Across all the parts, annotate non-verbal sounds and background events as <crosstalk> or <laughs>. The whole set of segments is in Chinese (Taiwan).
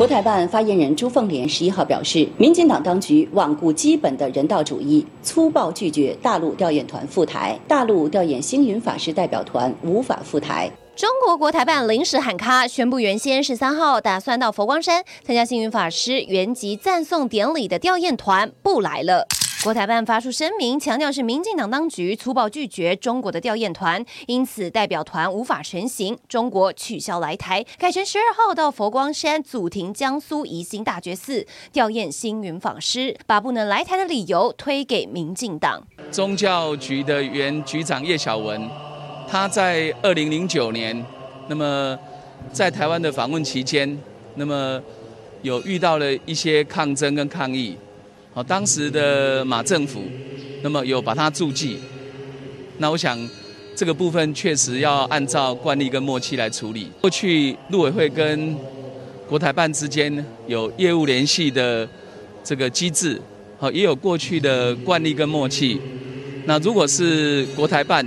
國台辦發言人朱鳳蓮十一號表示，民進黨當局罔顧基本的人道主義，粗暴拒絕大陸弔唁團赴台，大陸弔唁星雲法師代表團無法赴台。中國國台辦臨時喊卡，宣布原先十三號打算到佛光山參加星雲法師圓寂讚頌典禮的弔唁團不來了。國台辦發出聲明，強調是民進黨當局粗暴拒絕中國的弔唁團，因此代表團無法成行。中國取消來台，改成十二號到佛光山祖庭江蘇宜興大覺寺弔唁星雲法師，把不能來台的理由推給民進黨。宗教局的原局長葉小文，他在二零零九年，那麼在台灣的訪問期間，那麼有遇到了一些抗爭跟抗議。當時的馬政府，那麼有把它注記，那我想這個部分確實要按照慣例跟默契來處理。過去陸委會跟國台辦之間有業務聯繫的這個機制，好，也有過去的慣例跟默契。那如果是國台辦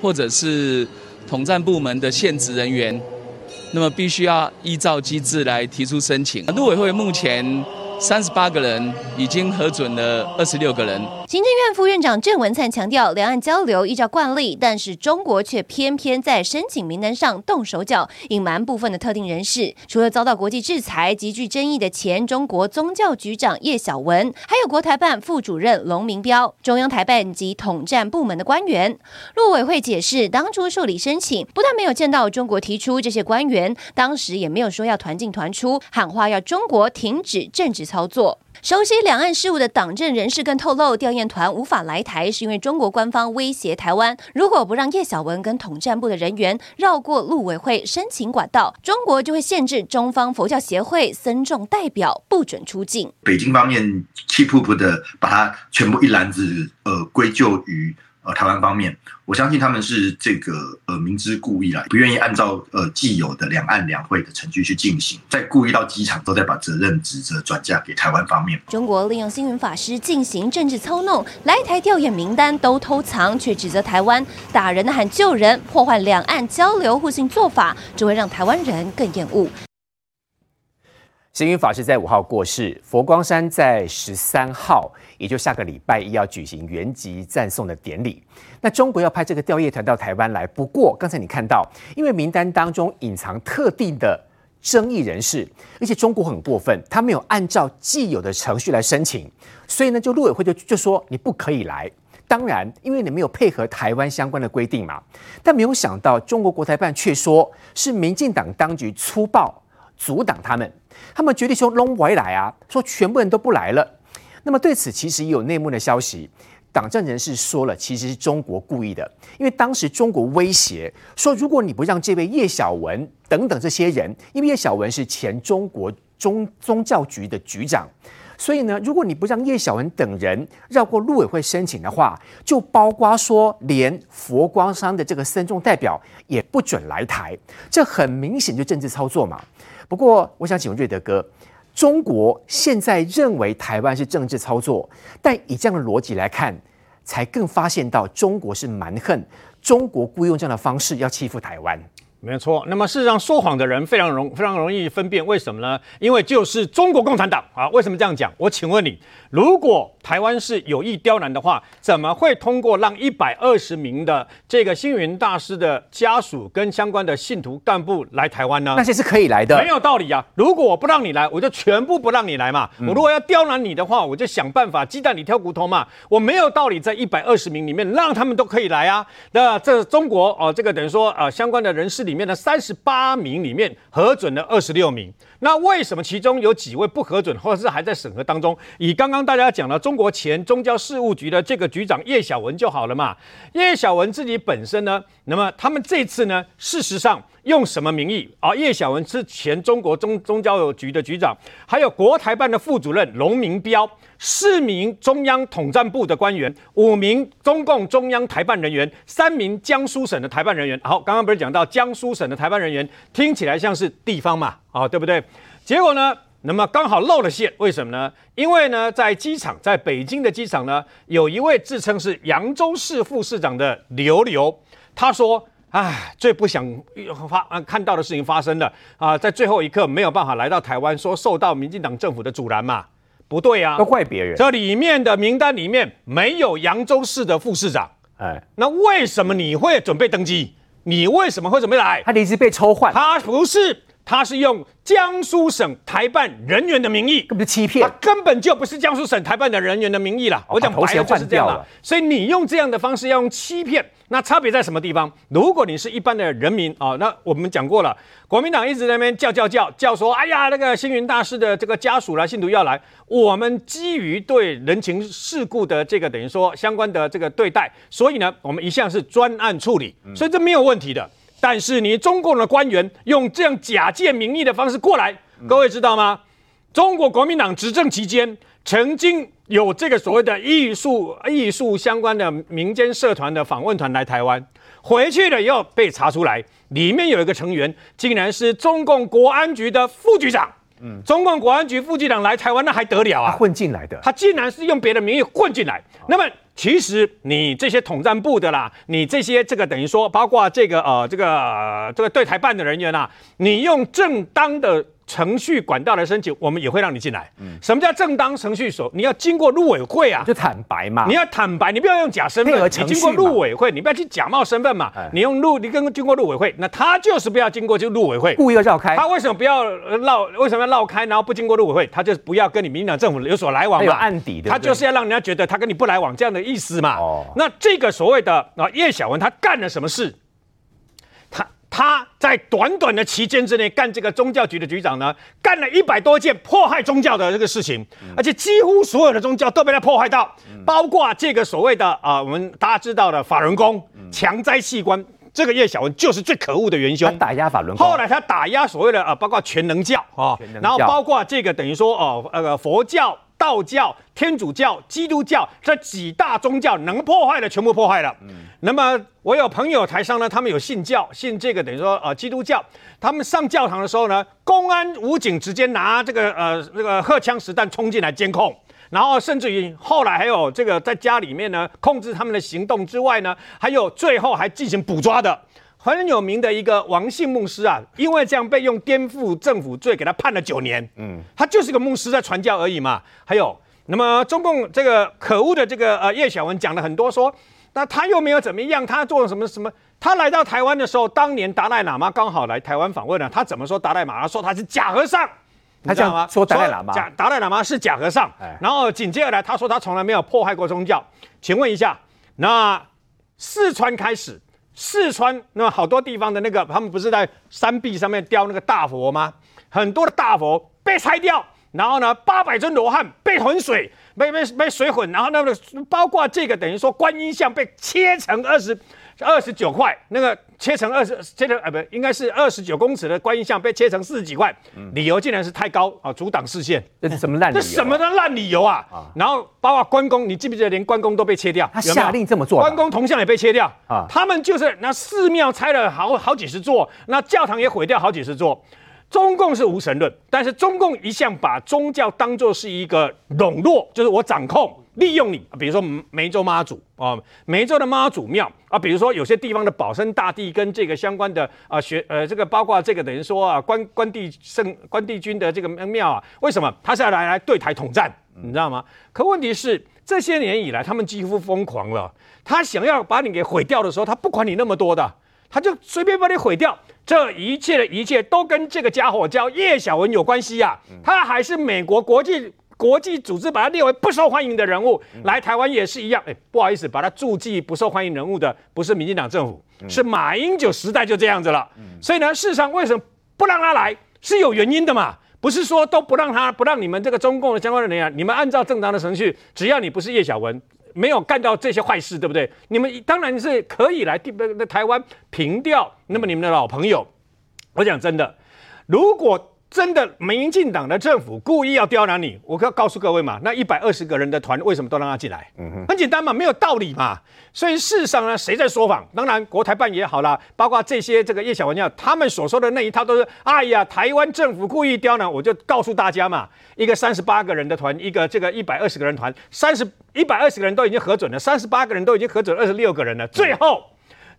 或者是統戰部門的現職人員，那麼必須要依照機制來提出申請。陸委會目前，三十八個人已經核准了二十六個人。行政院副院長鄭文燦強調，兩岸交流依照慣例，但是中國卻偏偏在申請名單上動手腳，隱瞞部分的特定人士。除了遭到國際制裁、極具爭議的前中國宗教局長葉小文，還有國台辦副主任龍明彪、中央台辦及統戰部門的官員。陸委會解釋，當初受理申請，不但沒有見到中國提出這些官員，當時也沒有說要團進團出，喊話要中國停止政治操作。熟悉兩岸事務的黨政人士更透露，調研團無法來台，是因為中國官方威脅台灣，如果不讓葉小文跟統戰部的人員繞過陸委會申請管道，中國就會限制中方佛教協會僧眾代表不准出境。北京方面，氣噗噗的，把他全部一籃子，呃，歸咎於。呃，台灣方面，我相信他們是這個呃明知故意啦，不願意按照呃既有的兩岸兩會的程序去進行，再故意到機場都在把責任指責轉嫁給台灣方面。中國利用星雲法師進行政治操弄，來台弔唁名單都偷藏，卻指責台灣打人的喊救人，破壞兩岸交流互信做法，只會讓台灣人更厭惡。星雲法師在五號過世，佛光山在十三號，也就下個禮拜一要舉行圓寂贊頌的典禮。那中國要派這個弔唁團到台灣來，不過剛才你看到，因為名單當中隱藏特定的爭議人士，而且中國很過分，他沒有按照既有的程序來申請，所以呢，就陸委會就就說你不可以來。當然，因為你沒有配合台灣相關的規定嘛。但沒有想到，中國國台辦卻說是民進黨當局粗暴，阻擋他們，他們決定說弄回來啊，說全部人都不來了。那麼對此其實也有內幕的消息，黨政人士說了，其實是中國故意的，因為當時中國威脅說，如果你不讓這位葉小文等等這些人，因為葉小文是前中國宗宗教局的局長，所以呢，如果你不讓葉小文等人繞過陸委會申請的話，就包括說連佛光山的這個僧眾代表也不准來台，這很明顯就政治操作嘛。不過，我想請問瑞德哥，中國現在認為台灣是政治操作，但以這樣的邏輯來看，才更發現到中國是蠻橫，中國故意用這樣的方式要欺負台灣。沒錯，那麼事實上說謊的人非常容非常容易分辨，為什麼呢？因為就是中國共產黨啊。為什麼這樣講？我請問你。如果台灣是有意刁難的話，怎麼會通過讓一百二十名的這個星雲大師的家屬跟相關的信徒幹部來台灣呢？那些是可以來的，沒有道理啊！如果我不讓你來，我就全部不讓你來嘛。我如果要刁難你的話，我就想辦法雞蛋裡挑骨頭嘛。我沒有道理在一百二十名裡面讓他們都可以來啊。那這中國哦、呃，這個等於說啊、呃，相關的人士裡面的三十八名裡面核准了二十六名，那為什麼其中有幾位不核准，或者是還在審核當中？以剛剛。剛剛大家講了，中國前宗教事務局的這個局長葉小文就好了嘛？葉小文自己本身呢，那麼他們這次呢，事實上用什麼名義啊？葉小文是前中國中，宗教局的局長，還有國台辦的副主任龍明彪，四名中央統戰部的官員，五名中共中央台辦人員，三名江蘇省的台辦人員。好，剛剛不是講到江蘇省的台辦人員，聽起來像是地方嘛？啊，對不對？結果呢？那麼剛好露了餡，為什麼呢？因為呢，在機場，在北京的機場呢，有一位自稱是揚州市副市長的劉劉，他說：“哎，最不想發看到的事情發生了啊、呃，在最後一刻沒有辦法來到台灣，說受到民進黨政府的阻攔嘛？不對啊，都怪別人。這裡面的名單裡面沒有揚州市的副市長，哎，那為什麼你會準備登機？你為什麼會準備來？他名字被抽換，他不是。”他是用江蘇省台辦人員的名義，根本就欺騙，他根本就不是江蘇省台辦的人員的名義啦。我講白了就是這樣的。所以你用這樣的方式要用欺騙，那差別在什麼地方？如果你是一般的人民啊、哦，那我們講過了，國民黨一直在那邊叫叫叫叫說，哎呀，那個星云大師的這個家屬來，信徒要來，我們基於對人情世故的這個等於說相關的這個對待，所以呢，我們一向是專案處理，所以這沒有問題的。但是你中共的官員用這樣假借名義的方式過來，嗯，各位知道嗎？中國國民黨執政期間，曾經有這個所謂的藝術藝術相關的民間社團的訪問團來台灣，回去了以後被查出來，裡面有一個成員竟然是中共國安局的副局長。嗯，中共國安局副局長來台灣，那還得了啊？混進來的，他竟然是用別的名義混進來。那麼。其實你這些統戰部的啦，你這些這個等於說，包括這個呃這個呃這個對台辦的人員吶啊，你用正當的。程序管道來申請，我們也會讓你進來。什麼叫正當程序所？你要經過陸委會啊，就坦白嘛。你要坦白，你不要用假身份，你經過陸委會，你不要去假冒身份嘛。你用陸，你跟經過陸委會，那他就是不要經過就陸委會，故意要繞開。他為什麼不要繞？為什麼要繞開？然後不經過陸委會，他就不要跟你民進黨政府有所來往嘛？有案底的，他就是要讓人家覺得他跟你不來往這樣的意思嘛。那這個所謂的啊葉小文，他幹了什麼事？他在短短的期間之內幹這個宗教局的局長呢，幹了一百多件迫害宗教的這個事情，嗯、而且幾乎所有的宗教都被他迫害到，嗯，包括這個所謂的啊、呃，我們大家知道的法輪功、強、嗯、摘器官，這個葉小文就是最可惡的元凶。他打壓法輪功，後來他打壓所謂的啊、呃，包括全能教啊、哦、全能教，然後包括這個等於說哦，那、呃、個、呃、佛教。道教、天主教、基督教這幾大宗教能破壞的全部破壞了。嗯，那麼我有朋友台上呢，他們有信教，信這個等於說呃基督教，他們上教堂的時候呢，公安武警直接拿這個呃那個荷槍實彈衝進來監控，然後甚至於後來還有這個在家裡面呢控制他們的行動之外呢，還有最後還進行捕抓的。很有名的一個王姓牧師啊，因為這樣被用顛覆政府罪給他判了九年。嗯，他就是個牧師在傳教而已嘛。還有，那麼中共這個可惡的這個呃葉小文講了很多說，說那他又沒有怎麼樣，他做什麼什麼？他來到台灣的時候，當年達賴喇嘛剛好來台灣訪問了，他怎麼說？達賴喇嘛說他是假和尚，他講說達賴喇嘛達賴喇嘛是假和尚，哎。然後緊接而來，他說他從來沒有破壞過宗教。請問一下，那四川開始？四川那麼好多地方的那個，他們不是在山壁上面雕那個大佛嗎？很多的大佛被拆掉，然後呢，八百尊羅漢被渾水被被被水混，然後那包括這個等於說觀音像被切成二十。二十九塊，那個切成二十，切成啊，不應該是二十九公尺的觀音像被切成四十幾塊，理由竟然是太高啊，阻擋視線。這是什麼爛理由，啊？這什麼的爛理由啊，啊！然後包括關公，你記不記得連關公都被切掉？他下令這麼做。關公銅像也被切掉啊！他們就是那寺廟拆了好好幾十座，那教堂也毀掉好幾十座。中共是無神論，但是中共一向把宗教當作是一個籠絡，就是我掌控、利用你。啊，比如說湄洲媽祖啊，湄洲的媽祖廟啊，比如說有些地方的保生大帝跟這個相關的啊，學呃，這個包括這個等於說啊，關關帝聖關帝君的這個廟啊，為什麼他是要來來對台統戰，你知道嗎？可問題是這些年以來，他們幾乎瘋狂了，他想要把你給毀掉的時候，他不管你那麼多的。他就隨便把你毀掉，這一切的一切都跟這個家伙叫葉小文有關係呀、啊。他還是美國國際國際組織把他列為不受歡迎的人物，嗯、來台灣也是一樣、欸。不好意思，把他注記不受歡迎人物的不是民進黨政府、嗯，是馬英九時代就這樣子了、嗯。所以呢，事實上為什麼不讓他來是有原因的嘛。不是說都不讓他不讓你們這個中共的相關的人員，你們按照正常的程序，只要你不是葉小文。沒有幹到這些壞事，對不對？你們當然是可以來台灣憑弔。那麼你們的老朋友，我講真的，如果。真的，民進黨的政府故意要刁難你，我可要告訴各位嘛，那一百二十個人的團為什麼都讓他進來？嗯哼，很簡單嘛，沒有道理嘛。所以事實上呢，誰在說謊？當然國台辦也好啦，包括這些這個葉小文呀，他們所說的那一套都是，哎呀，台灣政府故意刁難。我就告訴大家嘛，一個三十八個人的團，一個這個一百二十個人團，三十一百二十個人都已經核准了，三十八個人都已經核准二十六個人了，最後。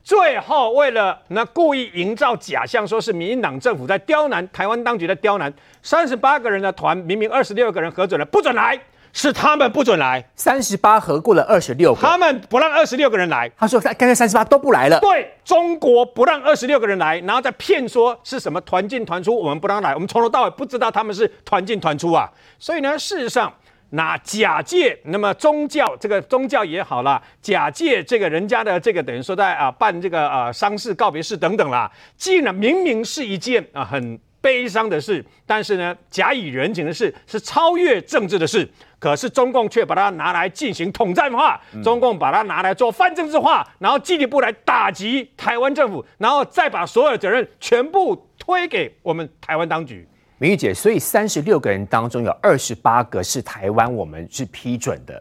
最後，為了那故意營造假象，說是民進黨政府在刁難，台灣當局在刁難三十八個人的團，明明二十六個人核准了不准來，是他們不准來。三十八核過了二十六，他們不讓二十六個人來。他說，剛才三十八都不來了。對中國不讓二十六個人來，然後再騙說是什麼團進團出，我們不讓來，我們從頭到尾不知道他們是團進團出啊。所以呢，事實上。那假借，那麼宗教這個宗教也好啦，假借這個人家的這個等於說在啊辦這個啊喪事告別式等等啦，既然明明是一件啊很悲傷的事，但是呢假以人情的事是，是超越政治的事，可是中共卻把它拿來進行統戰化，中共把它拿來做泛政治化，然後進一步來打擊台灣政府，然後再把所有責任全部推給我們台灣當局。明玉姐，所以三十六個人當中有二十八個是台灣，我們是批准的。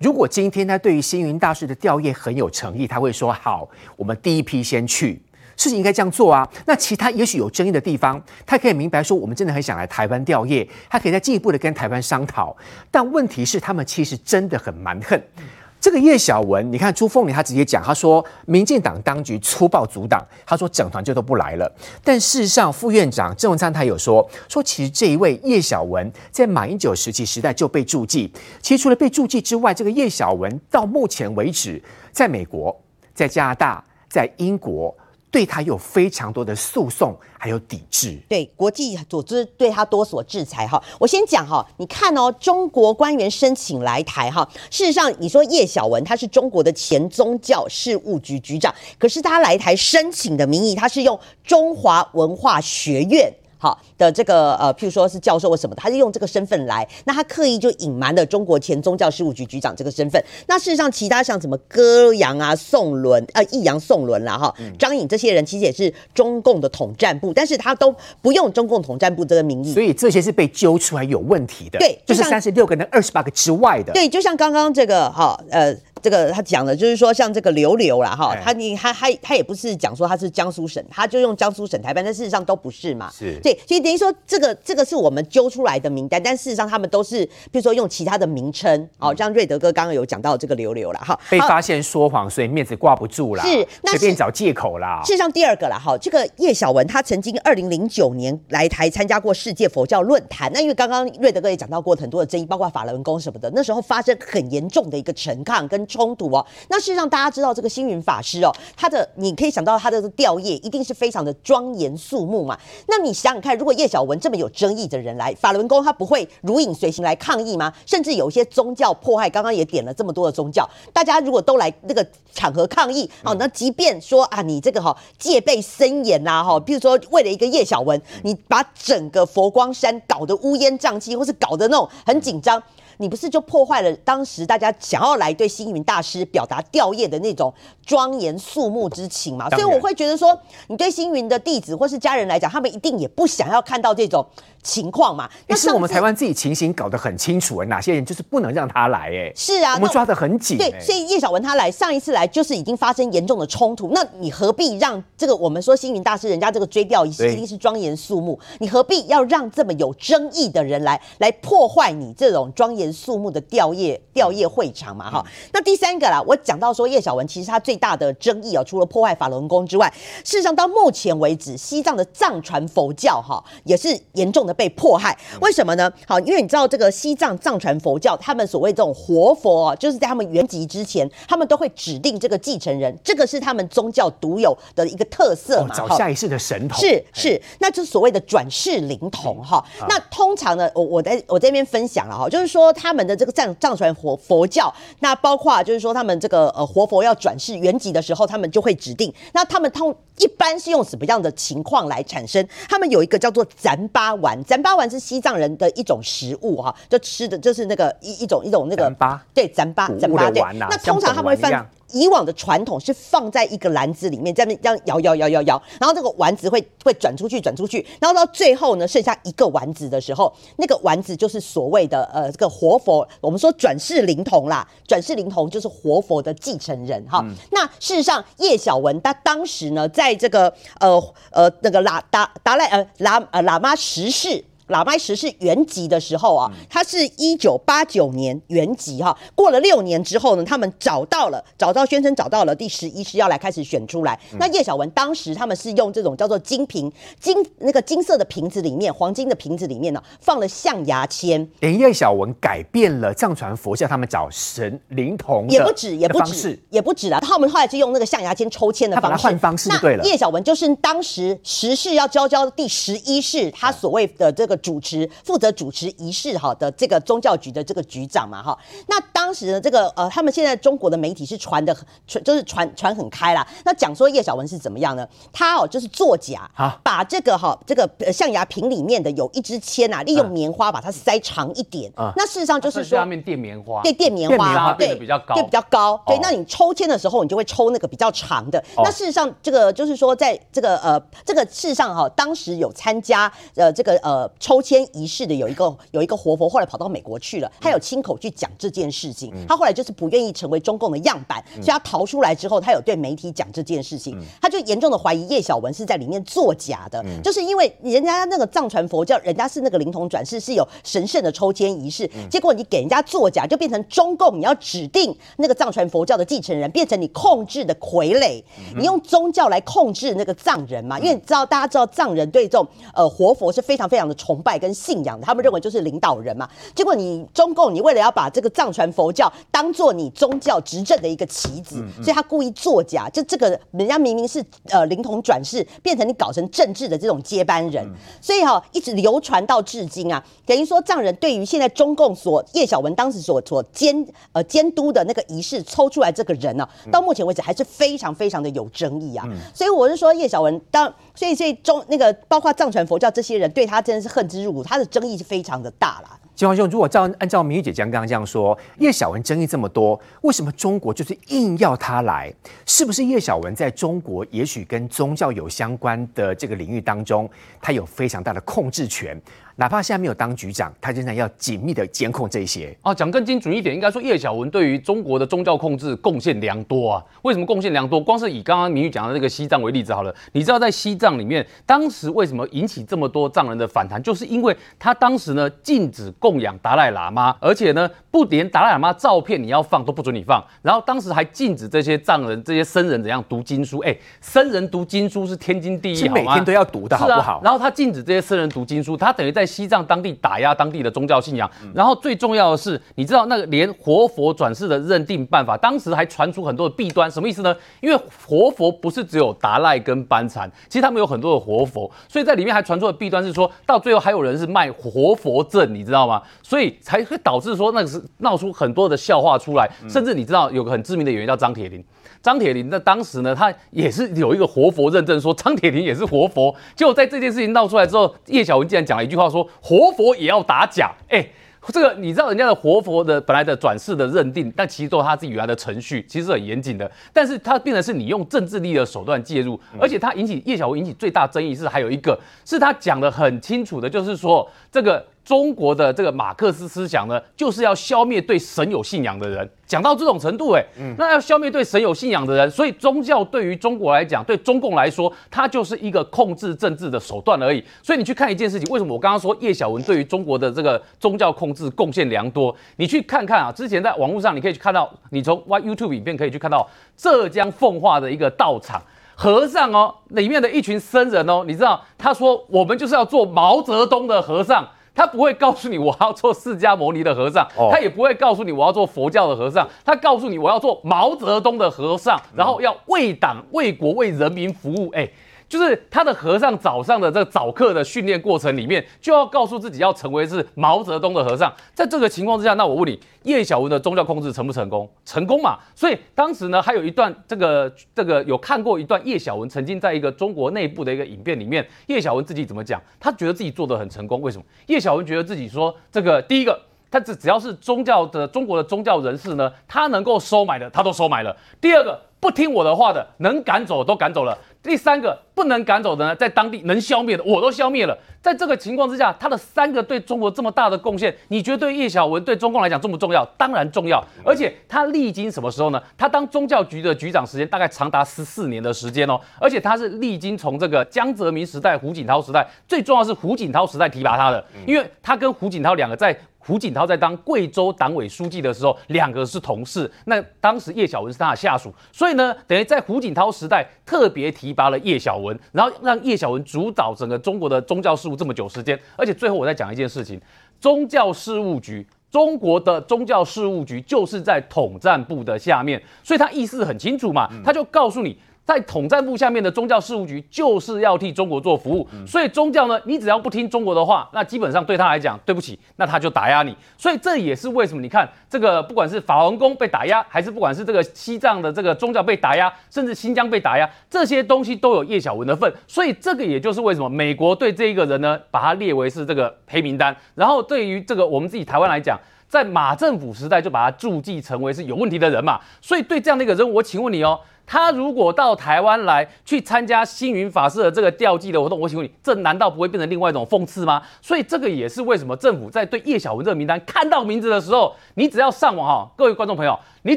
如果今天他對於星雲大師的弔唁很有誠意，他會說好，我們第一批先去，事情應該這樣做啊。那其他也許有爭議的地方，他可以明白說我們真的很想來台灣弔唁，他可以再進一步的跟台灣商討。但問題是，他們其實真的很蠻橫。嗯這個葉小文，你看朱鳳蓮他直接講，他說民進黨當局粗暴阻擋，他說整團就都不來了。但事實上，副院長鄭文燦他有說，說其實這一位葉小文在馬英九時期時代就被註記。其實除了被註記之外，這個葉小文到目前為止，在美國、在加拿大、在英國。對他有非常多的訴訟，還有抵制，對國際組織對他多所制裁哈。我先講哈，你看哦，中國官員申請來台哈，事實上你說葉小文他是中國的前宗教事務局局長，可是他來台申請的名義，他是用中華文化學院。好的，這個呃，譬如說是教授或什麼的，他就用這個身份來，那他刻意就隱瞞了中國前宗教事務局局長這個身份。那事實上，其他像什麼歌陽啊、宋倫呃、易陽宋倫啦、哈張穎這些人，其實也是中共的統戰部，但是他都不用中共統戰部這個名義。所以這些是被揪出來有問題的，對，就、就是三十六個那二十八個之外的。對，就像剛剛這個哈呃。這個他講的，就是說像這個劉劉啦，哈，他你他他他也不是講說他是江蘇省，他就用江蘇省台辦，但事實上都不是嘛，是，對，所以等於說這個這個是我們揪出來的名單，但事實上他們都是，譬如說用其他的名稱，哦，像瑞德哥剛剛有講到這個劉劉啦。哈，被發現說謊，所以面子掛不住啦，是，那，隨便找借口啦。事實上第二個啦，哈，這個葉小文他曾經二零零九年來台參加過世界佛教論壇，那因為剛剛瑞德哥也講到過很多的爭議，包括法輪功什麼的，那時候發生很嚴重的一個陳抗跟。衝突哦，那事實上大家知道這個星雲法師哦，他的你可以想到他的弔唁一定是非常的莊嚴肅穆嘛。那你想想看，如果葉小文這麼有爭議的人來，法輪功他不會如影隨形來抗議嗎？甚至有一些宗教迫害，剛剛也點了這麼多的宗教，大家如果都來那個場合抗議哦，那即便說啊，你這個哈戒備森嚴吶、啊、哈，譬如說為了一個葉小文，你把整個佛光山搞得烏煙瘴氣，或是搞得那種很緊張。你不是就破壞了當時大家想要來對星雲大師表達弔唁的那種莊嚴肅穆之情嗎？所以我會覺得說，你對星雲的弟子或是家人來講，他們一定也不想要看到這種。情況嘛，但是我們台灣自己情形搞得很清楚啊，哪些人就是不能讓他來哎、欸，是啊，我們抓得很緊、欸，對，所以葉小文他來上一次來就是已經發生嚴重的衝突，那你何必讓這個我們說星雲大師人家這個追悼一定是莊嚴肅穆，你何必要讓這麼有爭議的人來來破壞你這種莊嚴肅穆的弔唁弔唁會場嘛哈、嗯，那第三個啦，我講到說葉小文其實他最大的爭議哦，除了破壞法輪功之外，事實上到目前為止西藏的藏傳佛教哈也是嚴重的被迫害，為什麼呢？好，因為你知道這個西藏藏傳佛教，他們所謂這種活佛啊，就是在他們圓寂之前，他們都會指定這個繼承人，這個是他們宗教獨有的一個特色嘛、哦、找下一世的神童，是是，那就是所謂的轉世靈童哈。那通常呢，我在我在我這邊分享了哈，就是說他們的這個藏藏傳佛佛教，那包括就是說他們這個呃活佛要轉世圓寂的時候，他們就會指定，那他們通。一般是用什麼樣的情況來產生？他們有一個叫做糌粑丸，糌粑丸是西藏人的一種食物哈，就吃的就是那個一一種一種那個。糌粑對，糌粑，糌粑、啊、對丸。那通常他們會分。以往的傳統是放在一個籃子裡面，在那這樣這樣搖搖搖搖搖，然後這個丸子會會轉出去轉出去，然後到最後呢，剩下一個丸子的時候，那個丸子就是所謂的呃這個活佛，我們說轉世靈童啦，轉世靈童就是活佛的繼承人哈、嗯。那事實上，葉小文他當時呢，在這個呃呃那個喇達達賴呃喇呃喇嘛十世。喇嘛十世圓寂的時候啊，他、嗯、是一九八九年圓寂哈、啊嗯。過了六年之後呢，他們找到了，找到宣稱找到了第十一世要來開始選出來。嗯、那葉小文當時他們是用這種叫做金瓶金那個金色的瓶子裡面，黃金的瓶子裡面呢、啊、放了象牙籤。連、欸、葉小文改變了藏傳佛教他們找神靈童也不止也不止也不止啊。他們後來就用那個象牙籤抽籤的方式。那換方式對了。葉小文就是當時十世要教教第十一世，他所謂的這個。主持負責主持儀式哈的這個宗教局的這個局長嘛哈，那當時呢，這個呃他們現在中國的媒體是傳的很傳就是傳傳很開了，那講說葉小文是怎麼樣呢？他哦就是作假，哈、啊，把這個哈、哦、這個象牙瓶裡面的有一支簽啊，利用棉花把它塞長一點，啊啊、那事實上就是說下面墊棉花，對墊棉花，墊比較高，對比較高，對。比較高哦、對，那你抽籤的時候，你就會抽那個比較長的。哦、那事實上這個就是說，在這個呃這個事實上哈，當時有參加呃這個呃。抽籤儀式的有一個有一個活佛，後來跑到美國去了。他有親口去講這件事情。嗯、他後來就是不願意成為中共的樣板、嗯，所以他逃出來之後，他有對媒體講這件事情。嗯、他就嚴重的懷疑葉小文是在裡面作假的、嗯，就是因為人家那個藏傳佛教，人家是那個靈童轉世是有神聖的抽籤儀式、嗯。結果你給人家作假，就變成中共你要指定那個藏傳佛教的繼承人，變成你控制的傀儡。嗯、你用宗教來控制那個藏人嘛、嗯、因為你知道，大家知道藏人對這種呃活佛是非常非常的崇。崇拜跟信仰的，他們認為就是領導人嘛。結果你中共，你為了要把這個藏傳佛教當做你宗教執政的一個棋子，所以他故意作假，就這個人家明明是呃靈童轉世，變成你搞成政治的這種接班人，所以哈，哦，一直流傳到至今啊。等於說藏人對於現在中共所葉小文當時所所監呃監督的那個儀式抽出來這個人啊，到目前為止還是非常非常的有爭議啊。所以我是說葉小文當，所以所以中那個包括藏傳佛教這些人對他真的是恨。之入他的爭議是非常的大啦。嶔煌兄，如果照按照明玉姐這樣剛剛這樣說，葉小文爭議這麼多，為什麼中國就是硬要他來？是不是葉小文在中國，也許跟宗教有相關的這個領域當中，他有非常大的控制權？哪怕現在沒有當局長，他仍然要緊密地監控這些哦，講、啊、更精準一點，應該說葉小文對於中國的宗教控制貢獻良多啊。為什麼貢獻良多？光是以剛剛明玉講的那個西藏為例子好了。你知道在西藏裡面，當時為什麼引起這麼多藏人的反彈？就是因為他當時呢禁止供養達賴喇嘛，而且呢不連達賴喇嘛照片你要放都不准你放。然後當時還禁止這些藏人，這些僧人怎樣讀經書。哎，欸，僧人讀經書是天經地義好嗎？是每天都要讀的好不好、啊？然後他禁止這些僧人讀經書，他等於在。在西藏當地打壓當地的宗教信仰，然後最重要的是，你知道那個連活佛轉世的認定辦法，當時還傳出很多的弊端，什麼意思呢？因為活佛，佛不是只有達賴跟班禪，其實他們有很多的活佛，所以在裡面還傳出的弊端是，說到最後還有人是賣活佛證，你知道嗎？所以才會導致說，那個是鬧出很多的笑話出來，甚至你知道有個很知名的演員叫張鐵林，張鐵林在當時呢，他也是有一個活佛認證，說張鐵林也是活佛，結果在這件事情鬧出來之後，葉小文竟然講了一句話。說活佛也要打假，哎，這個你知道人家的活佛的本來的轉世的認定，但其實都是他自己原來的程序，其實很嚴謹的。但是他變成是你用政治力的手段介入，而且他引起葉小文引起最大爭議是還有一個是他講的很清楚的，就是說這個。中國的這個馬克思思想呢，就是要消滅對神有信仰的人。講到這種程度，欸，誒，那要消滅對神有信仰的人，所以宗教對於中國來講，對中共來說，它就是一個控制政治的手段而已。所以你去看一件事情，為什麼我剛剛說葉小文對於中國的這個宗教控制貢獻良多？你去看看啊，之前在網絡上你可以去看到，你從 YouTube 影片可以去看到浙江奉化的一個道場，和尚哦，裡面的一群僧人哦，你知道他說我們就是要做毛澤東的和尚。他不會告訴你我要做釋迦牟尼的和尚，他也不會告訴你我要做佛教的和尚。他告訴你我要做毛澤東的和尚，然後要為黨、為國、為人民服務。哎。就是他的和尚早上的這個早課的訓練過程裡面，就要告訴自己要成為是毛澤東的和尚。在這個情況之下，那我問你，葉小文的宗教控制成不成功？成功嘛。所以當時呢，還有一段這個這個有看過一段葉小文曾經在一個中國內部的一個影片裡面，葉小文自己怎麼講？他覺得自己做得很成功。為什麼？葉小文覺得自己說，這個第一個，他只只要是宗教的，中國的宗教人士呢，他能夠收買的，他都收買了。第二個，不聽我的話的，能趕走都趕走了。第三個不能趕走的呢，在當地能消滅的，我都消滅了。在這個情況之下，他的三個對中國這麼大的貢獻，你覺得對葉小文對中共來講重不重要？當然重要。而且他歷經什麼時候呢？他當宗教局的局長時間大概長達十四年的時間哦。而且他是歷經從這個江澤民時代、胡錦濤時代，最重要是胡錦濤時代提拔他的，因為他跟胡錦濤兩個在。胡錦濤在當貴州黨委書記的時候，兩個是同事。那當時葉小文是他的下屬，所以呢，等於在胡錦濤時代特別提拔了葉小文，然後讓葉小文主導整個中國的宗教事務這麼久時間。而且最後我再講一件事情：宗教事務局，中國的宗教事務局就是在統戰部的下面，所以他意思很清楚嘛，他就告訴你。嗯在統戰部下面的宗教事務局就是要替中國做服務，所以宗教呢，你只要不聽中國的話，那基本上對他來講，對不起，那他就打壓你。所以這也是為什麼你看這個，不管是法輪功被打壓，還是不管是這個西藏的這個宗教被打壓，甚至新疆被打壓，這些東西都有葉小文的份。所以這個也就是為什麼美國對這一個人呢，把他列為是這個黑名單。然後對於這個我們自己台灣來講，在馬政府時代就把他注記成為是有問題的人嘛，所以對這樣的一個人，我請問你哦，他如果到台灣來去參加星雲法師的這個吊祭的活動，我請問你，這難道不會變成另外一種諷刺嗎？所以這個也是為什麼政府在對葉小文這個名單看到名字的時候，你只要上網哈、啊，各位觀眾朋友，你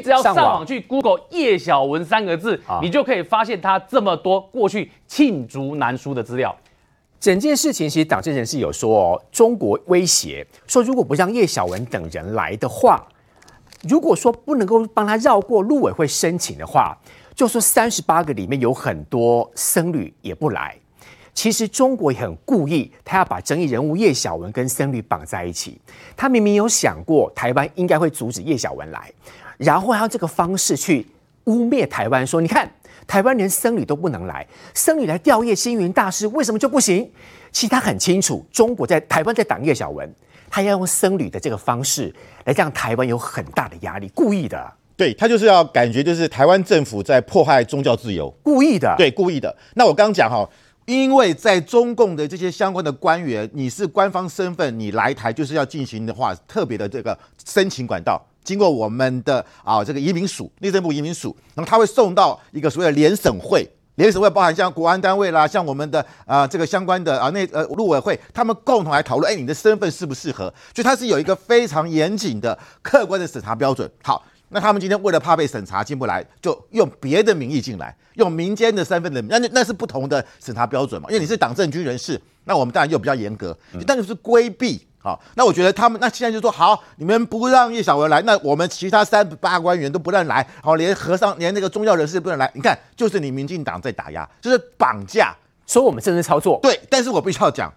只要上網去 Google 葉小文三個字，你就可以發現他這麼多過去罄竹難書的資料。整件事情，其實黨政人士有說哦，中國威脅說，如果不讓葉小文等人來的話，如果說不能夠幫他繞過陸委會申請的話，就說三十八個裡面有很多僧侶也不來。其實中國也很故意，他要把爭議人物葉小文跟僧侶綁在一起。他明明有想過台灣應該會阻止葉小文來，然後他用這個方式去污衊台灣，說你看。台灣連僧侶都不能來，僧侶來弔唁星雲大師為什麼就不行？其實他很清楚，中國在台灣在擋葉小文，他要用僧侶的這個方式來讓台灣有很大的壓力，故意的。對，他就是要感覺就是台灣政府在迫害宗教自由，故意的，對，故意的。那我剛剛講哈、哦。因為在中共的這些相關的官員，你是官方身份，你來台就是要進行的話，特別的這個申請管道，經過我們的啊、哦、這個移民署、內政部移民署，那麼他會送到一個所謂的聯審會，聯審會包含像國安單位啦，像我們的啊、呃、這個相關的啊那呃陸委會，他們共同來討論，哎，你的身份適不適合？所以他是有一個非常嚴謹的、客觀的審查標準。好。那他們今天為了怕被審查進不來，就用別的名義進來，用民間的身份的名義，那那那是不同的審查標準嘛，因為你是黨政軍人士，那我們當然就比較嚴格，嗯。但就是規避。好、哦，那我覺得他們那現在就說好，你們不讓葉小文來，那我們其他三八官員都不讓來。好、哦，連和尚連那個宗教人士也不能來。你看，就是你民進黨在打壓，就是綁架，說我們政治操作。對，但是我必須要講，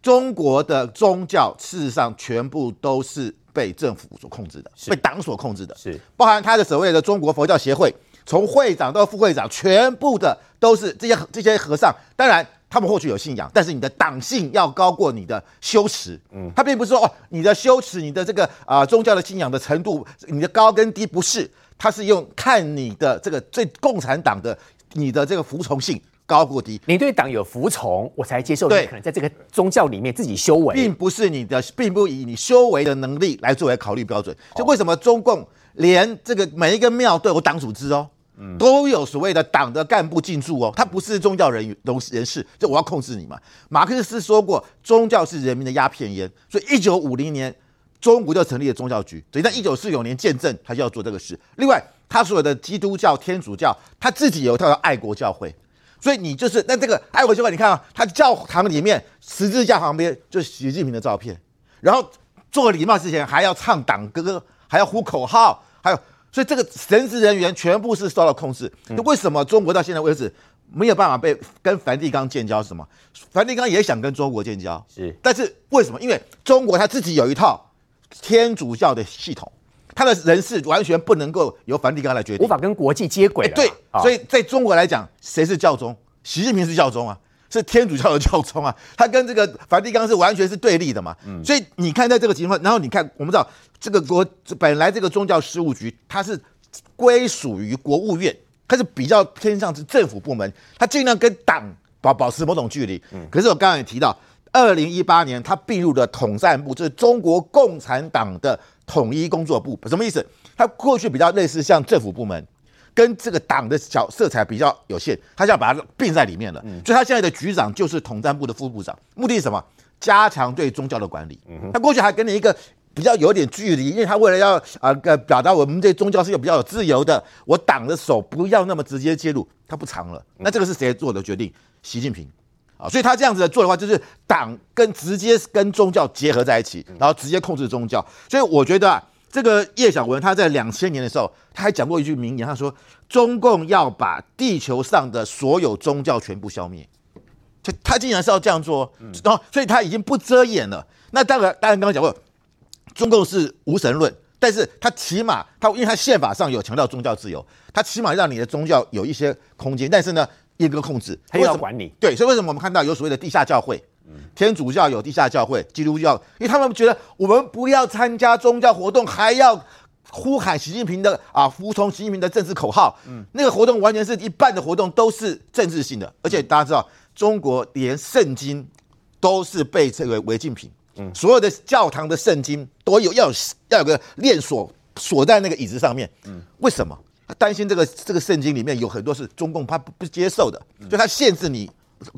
中國的宗教事實上全部都是。被政府所控制的，被黨所控制的，是包含他的所謂的中國佛教協會，從會長到副會長，全部的都是這些這些和尚。當然，他們或許有信仰，但是你的黨性要高過你的修持。嗯，他並不是說哦，你的修持，你的這個啊、呃、宗教的信仰的程度，你的高跟低不是，他是用看你的這個最共產黨的你的這個服從性。高過低，你對黨有服從，我才接受你。可能在這個宗教裡面自己修為，並不是你的，並不以你修為的能力來作為考慮標準。就、哦、為什麼中共連這個每一個廟都有黨組織哦，嗯、都有所謂的黨的幹部進駐哦，他不是宗教人員人士。就我要控制你嘛。馬克思說過，宗教是人民的鴉片煙。所以一九五零年，中國就成立了宗教局。所以在一九四九年建政，他就要做這個事。另外，他所有的基督教、天主教，他自己有他的愛國教會。所以你就是那這個，愛國教會你看啊，他教堂裡面十字架旁邊，就習近平的照片，然後做禮拜之前還要唱黨歌，還要呼口號，還有，所以這個神職人員全部是受到控制。那、嗯、為什麼中國到現在為止沒有辦法被跟梵蒂岡建交？什麼？梵蒂岡也想跟中國建交，是，但是為什麼？因為中國他自己有一套天主教的系統。他的人事完全不能夠由梵蒂岡來決定，無法跟國際接軌，啊欸。對，哦，所以在中國來講，誰是教宗？習近平是教宗啊，是天主教的教宗啊。他跟這個梵蒂岡是完全是對立的嘛。嗯，所以你看在這個情況，然後你看，我們知道這個國本來這個宗教事務局它是歸屬於國務院，它是比較偏向是政府部門，它盡量跟黨保保持某種距離，嗯。可是我剛剛也提到。二零一八年，他併入了統戰部，這，就是中國共產黨的統一工作部。什麼意思？他過去比較類似像政府部門，跟這個黨的小色彩比較有限。他現在把它併在裡面了，嗯，所以他現在的局長就是統戰部的副部長。目的是什麼？加強對宗教的管理，嗯。他過去還給你一個比較有點距離，因為他為了要啊、呃，表達我們對宗教是有比較有自由的，我黨的手不要那麼直接介入。他不藏了，嗯。那這個是誰做的決定？習近平。啊，所以他這樣子做的話，就是黨跟直接跟宗教結合在一起，然後直接控制宗教。所以我覺得啊，這個葉小文他在兩千年的時候，他還講過一句名言，他說：“中共要把地球上的所有宗教全部消滅。”他竟然是要這樣做，然後所以他已經不遮掩了。那當然，當然剛剛講過，中共是無神論，但是他起碼他因為他憲法上有強調宗教自由，他起碼讓你的宗教有一些空間。但是呢？嚴格控制，他要管理。對，所以為什麼我們看到有所謂的地下教會、嗯，天主教有地下教會，基督教，因為他們覺得我們不要參加宗教活動，還要呼喊習近平的啊，服從習近平的政治口號。嗯、那個活動完全是一半的活動都是政治性的，而且大家知道，嗯、中國連聖經都是被稱為違禁品，嗯。所有的教堂的聖經都有要有要有個鏈鎖鎖在那個椅子上面。嗯、為什麼？擔心這個這個聖經裡面有很多是中共怕不接受的，就他限制你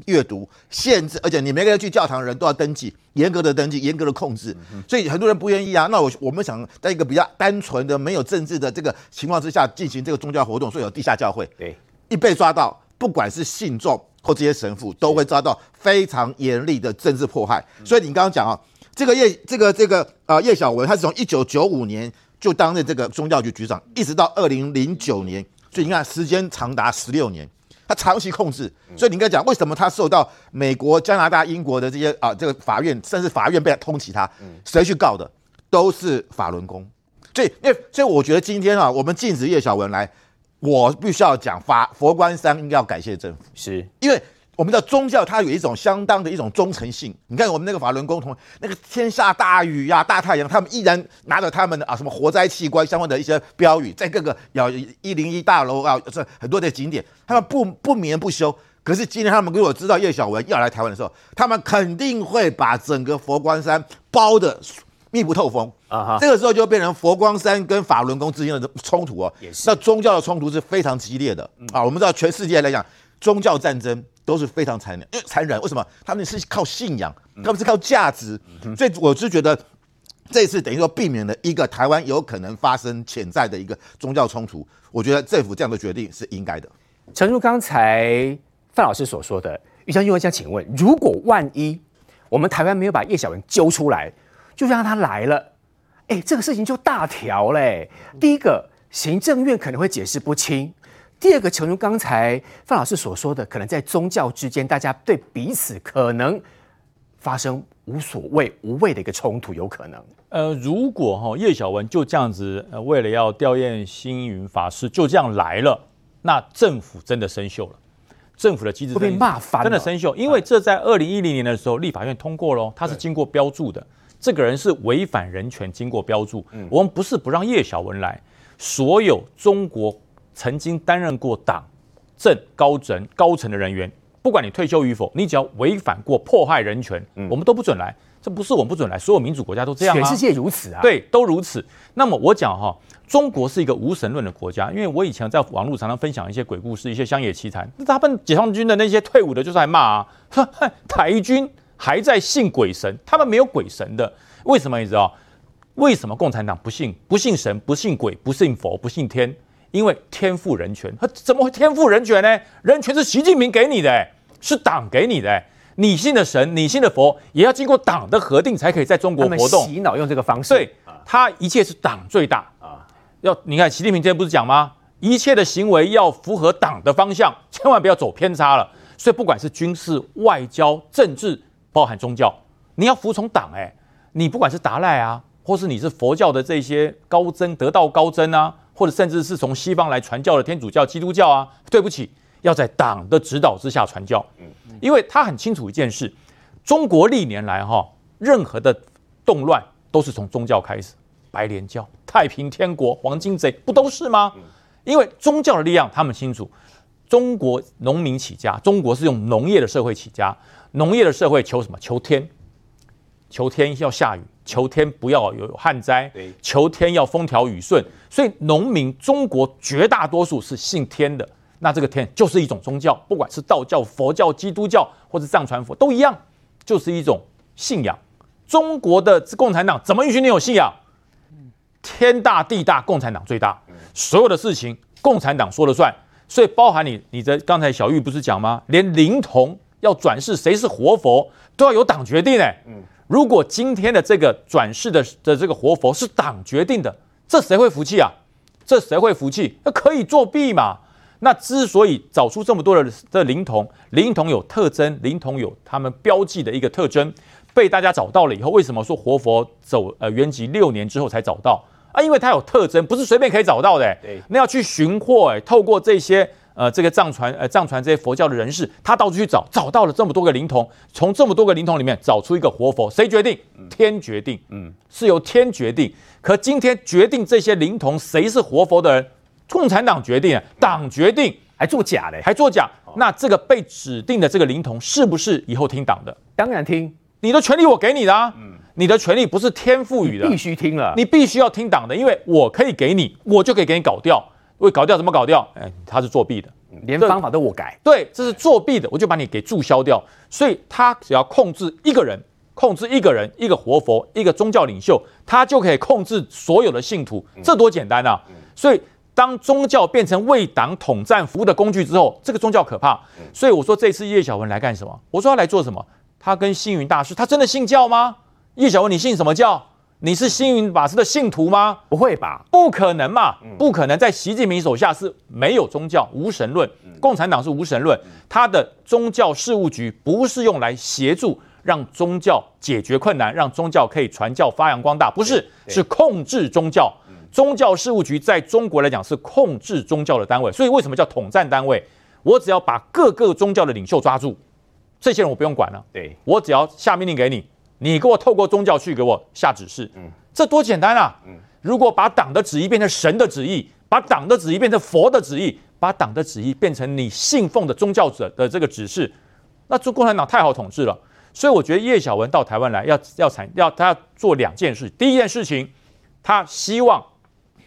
閱讀，限制，而且你每個月去教堂的人都要登記，嚴格的登記，嚴格的控制，所以很多人不願意啊。那我我們想在一個比較單純的、沒有政治的這個情況之下進行這個宗教活動，所以有地下教會。對。一被抓到，不管是信眾或這些神父，都會遭到非常嚴厲的政治迫害。所以你剛剛講啊、哦，這個葉這個這個啊、呃、葉小文，他是從一九九五年。就當着這個宗教局局長，一直到二零零九年，所以你看時間長達十六年，他長期控制，所以你應該講為什麼他受到美國、加拿大、英國的這些啊、呃、這個法院，甚至法院被通緝他，誰去告的都是法輪功，所以因為，所以我覺得今天啊，我們禁止葉小文來，我必須要講法佛光山應該要感謝政府，是因為。我們知道宗教它有一種相當的一種忠誠性。你看，我們那個法輪功同那個天下大雨呀、啊、大太陽，他們依然拿着他們的啊什麼活摘器官相關的一些標語，在各個要一零一大樓啊，是很多的景點，他們不不眠不休。可是今天他們如果知道葉小文要來台灣的時候，他們肯定會把整個佛光山包得密不透風啊。這個時候就變成佛光山跟法輪功之間的衝突啊。那宗教的衝突是非常激烈的啊。我們知道全世界來講。宗教戰爭都是非常殘忍，殘忍。為什麼他們是靠信仰，他們是靠價值，所以我就覺得這次等於說避免了一個台灣有可能發生潛在的一個宗教衝突。我覺得政府這樣的決定是應該的。誠如剛才范老師所說的，於將軍，我想請問：如果萬一我們台灣沒有把葉小文揪出來，就讓他來了，欸、這個事情就大條嘞、欸。第一個，行政院可能會解釋不清。第二個，正如剛才范老師所說的，可能在宗教之間，大家對彼此可能發生無所謂、無謂的一個衝突，有可能。呃，如果哈、哦、葉小文就這樣子，呃、為了要弔唁星雲法師就這樣來了，那政府真的生鏽了，政府的機制被罵煩，真的生鏽。因為這在二零一零年的時候，立法院通過嘍、哦，他是經過標注的，這個人是違反人權，經過標注、嗯。我們不是不讓葉小文來，所有中國，曾經擔任過黨政高層高層的人員，不管你退休與否，你只要違反過迫害人權，我們都不准來。這不是我們不准來，所有民主國家都這樣嗎？全世界如此啊！對，都如此。那麼我講哈、啊，中國是一個無神論的國家，因為我以前在網絡常常分享一些鬼故事、一些鄉野奇談。他們解放軍的那些退伍的，就是在罵啊，台軍還在信鬼神，他們沒有鬼神的。為什麼你知道？為什麼共產黨不信？不信神，不信鬼，不信佛，不信天。因為天賦人權，他怎麼會天賦人權呢？人權是習近平給你的、欸，是黨給你的、欸。你信的神，你信的佛，也要經過黨的核定才可以在中國活動。洗腦用這個方式，所以他一切是黨最大啊。要你看，習近平今天不是講嗎？一切的行為要符合黨的方向，千萬不要走偏差了。所以不管是軍事、外交、政治，包含宗教，你要服從黨。哎，你不管是達賴啊，或是你是佛教的這些高僧、得道高僧啊。或者甚至是從西方來傳教的天主教、基督教啊，對不起，要在黨的指導之下傳教。嗯，因為他很清楚一件事：中國歷年來哈，任何的動亂都是從宗教開始，白蓮教、太平天國、黃巾賊，不都是嗎？因為宗教的力量，他們清楚，中國農民起家，中國是用農業的社會起家，農業的社會求什麼？求天，求天要下雨。求天不要有旱災，求天要風調雨順。所以農民，中國絕大多數是信天的。那這個天就是一種宗教，不管是道教、佛教、基督教或者藏傳佛，都一樣，就是一種信仰。中國的共產黨怎麼允許你有信仰？天大地大，共產黨最大，所有的事情共產黨說了算。所以包含你，你的剛才小玉不是講嗎？連靈童要轉世，誰是活佛，都要由黨決定。哎。如果今天的這個轉世的的這個活佛是黨決定的，這誰會服氣啊？這誰會服氣？那可以作弊嘛？那之所以找出這麼多的的靈童，靈童有特徵，靈童有他們標記的一個特徵，被大家找到了以後，為什麼說活佛走呃，圓寂六年之後才找到啊？因為他有特徵，不是隨便可以找到的。對，那要去尋獲，哎，透過這些。呃，這個藏傳呃，藏傳這些佛教的人士，他到處去找，找到了這麼多個靈童，從這麼多個靈童裡面找出一個活佛，誰決定？天決定，嗯、是由天決定。可今天決定這些靈童誰是活佛的人，共產黨決定，黨決定、嗯、還做假嘞，還做假、哦。那這個被指定的這個靈童是不是以後聽黨的？當然聽，你的權利我給你的啊，嗯、你的權利不是天賦予的，必須聽了，你必須要聽黨的，因為我可以給你，我就可以給你搞掉。會搞掉？怎麼搞掉？哎，他是作弊的，嗯，連方法都我改。對，這是作弊的，我就把你給註銷掉。所以他只要控制一個人，控制一個人，一個活佛，一個宗教領袖，他就可以控制所有的信徒。嗯，這多簡單啊！嗯，所以，當宗教變成為黨統戰服務的工具之後，嗯，這個宗教可怕。嗯，所以我說，這次葉小文來幹什麼？我說他來做什麼？他跟星雲大師，他真的信教嗎？葉小文，你信什麼教？你是星雲法師的信徒嗎？不會吧，不可能嘛，不可能。在習近平手下是沒有宗教，無神論，共產黨是無神論，他的宗教事務局不是用來協助讓宗教解決困難，讓宗教可以傳教發揚光大，不是，是控制宗教，宗教事務局在中國來講是控制宗教的單位，所以為什麼叫統戰單位？我只要把各個宗教的領袖抓住，這些人我不用管了，對，我只要下命令給你。你給我透過宗教去給我下指示，這多簡單啊！如果把黨的旨意變成神的旨意，把黨的旨意變成佛的旨意，把黨的旨意變成你信奉的宗教者的這個指示，那做共產黨太好統治了。所以我覺得葉小文到台灣來要要產要他要做兩件事。第一件事情，他希望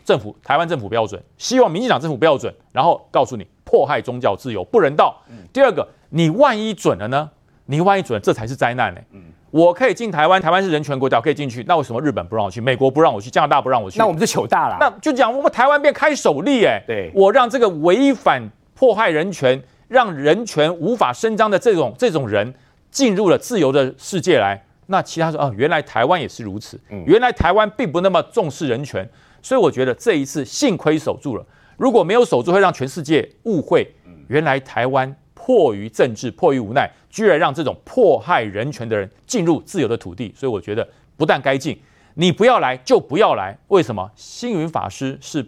政府台灣政府不要准，希望民進黨政府不要准，然後告訴你迫害宗教自由不人道。第二個，你萬一准了呢？你萬一准了，這才是災難呢、哎。我可以進台灣，台灣是人權國家，可以進去。那為什麼日本不讓我去？美國不讓我去？加拿大不讓我去？那我們就糗大了、啊。那就講我們台灣變開首例，哎，對，我讓這個違反、迫害人權、讓人權無法伸張的這種這種人進入了自由的世界來。那其他人說哦、啊，原來台灣也是如此、嗯。原來台灣並不那麼重視人權。所以我覺得這一次幸虧守住了，如果沒有守住，會讓全世界誤會。嗯，原來台灣。迫於政治，迫於無奈，居然讓這種迫害人權的人進入自由的土地，所以我覺得不但該進，你不要來就不要來。為什麼？星雲法師是